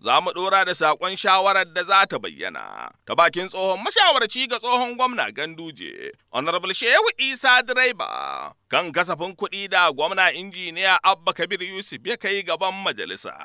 za mu ɗora da saƙon shawarar da za ta bayyana. Ta bakin tsohon mashawarci ga tsohon gwamna Ganduje, Honorable Shehu Isa Direba, kan kasafin kuɗi da gwamna injiniya Abba Kabir Yusuf ya kai gaban majalisa.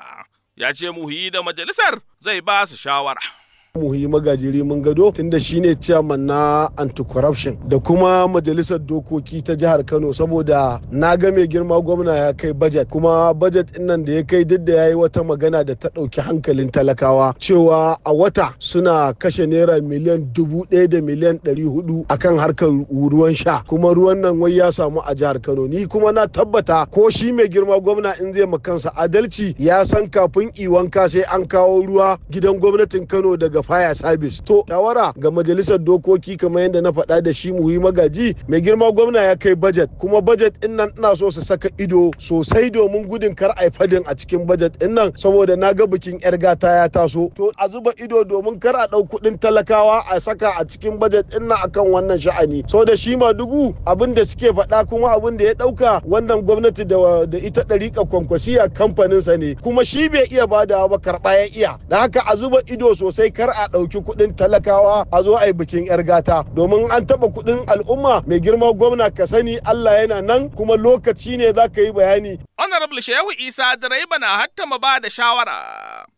Ya ce muhi da majalisar zai ba su shawara. muhi magajiri mun gado tunda shine chairman na anti-corruption da kuma majalisar dokoki ta jihar kano saboda na ga mai girma gwamna ya kai budget kuma budget nan da ya kai duk da ya yi wata magana da ta ɗauki hankalin talakawa cewa a wata suna kashe naira miliyan dubu ɗaya da miliyan ɗari hudu akan harkar ruwan sha kuma ruwan nan wai ya samu a jihar kano ni kuma na tabbata ko shi mai girma gwamna in zai makansa? adalci ya san kafin iwanka sai an kawo ruwa gidan gwamnatin kano daga fire service to shawara ga majalisar dokoki kamar yadda na faɗa da shi muhi magaji mai girma gwamna ya kai budget kuma budget din nan ina so su saka ido sosai domin gudun kar a fadin a cikin budget din nan saboda na ga bikin yar gata ya taso to a zuba ido domin kar a ɗau kuɗin talakawa a saka a cikin budget din nan akan wannan sha'ani so da shi ma dugu abin da suke faɗa kuma abin da ya ɗauka wannan gwamnati da ita ɗariƙa kwankwasiya kamfaninsa ne kuma shi bai iya badawa ba karɓa ya iya da haka a zuba ido sosai kar a ɗauki kuɗin talakawa a zo a yi bikin 'yar gata domin an taɓa kuɗin al'umma mai girma gwamna ka sani Allah yana nan kuma lokaci ne za ka yi bayani. Honorable Shehu Isa direba na hattama ba da shawara.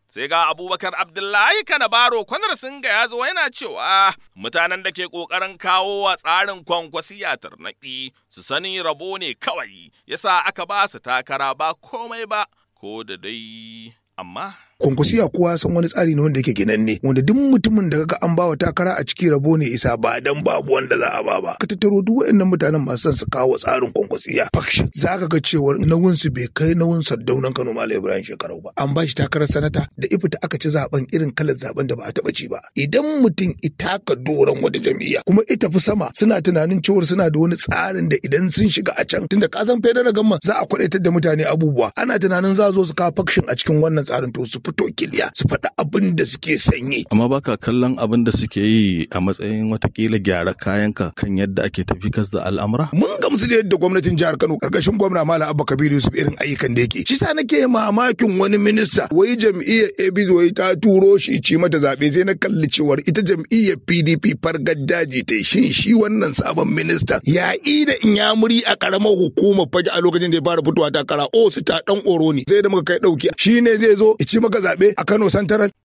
sai ga abubakar abdullahi baro kwanar sun ga ya zo yana cewa mutanen da ke ƙoƙarin kawo wa tsarin kwankwasi kwankwasiya tarnaki, su sani rabo ne kawai yasa aka ba su takara ba komai ba ko da dai amma kwankwasiya kowa san wani tsari ne wanda yake ginanne wanda duk mutumin da kaga an bawa takara a ciki rabo ne isa ba dan babu wanda za a ba ba ka tattaro duk waɗannan mutanen masu son su kawo tsarin kwankwasiya faction za ka ga cewa nauyin su bai kai sa sardaunan Kano Malam Ibrahim Shekarau ba an bashi takarar sanata da ifita aka ci zaben irin kalar zaben da ba a taba ci ba idan mutum ita ka doron wata jami'a kuma ita fi sama suna tunanin cewar suna da wani tsarin da idan sun shiga a can tunda ka san federal gamma za a kwadaitar da mutane abubuwa ana tunanin za zo su kawo faction a cikin wannan tsarin to su fito kiliya su faɗi abin da suke sanyi. Amma ba ka kallon abin da suke yi a matsayin watakila gyara kayan ka kan yadda ake tafi kas da al'amura? Mun gamsu da yadda gwamnatin jihar Kano karkashin gwamna Mala Abba Kabiru Yusuf irin ayyukan da yake. Shi sa nake mamakin wani minista wai jam'iyyar ABD wai ta turo shi ci mata zaɓe sai na kalli cewar ita jam'iyyar PDP fargar daji ta shin shi wannan sabon minista ya da in ya muri a karamar hukumar fage a lokacin da ya fara fitowa takara o su ta ɗan oro ne sai da muka kai dauki shi ne zai zo ci maka buga zaɓe a Kano Santaral.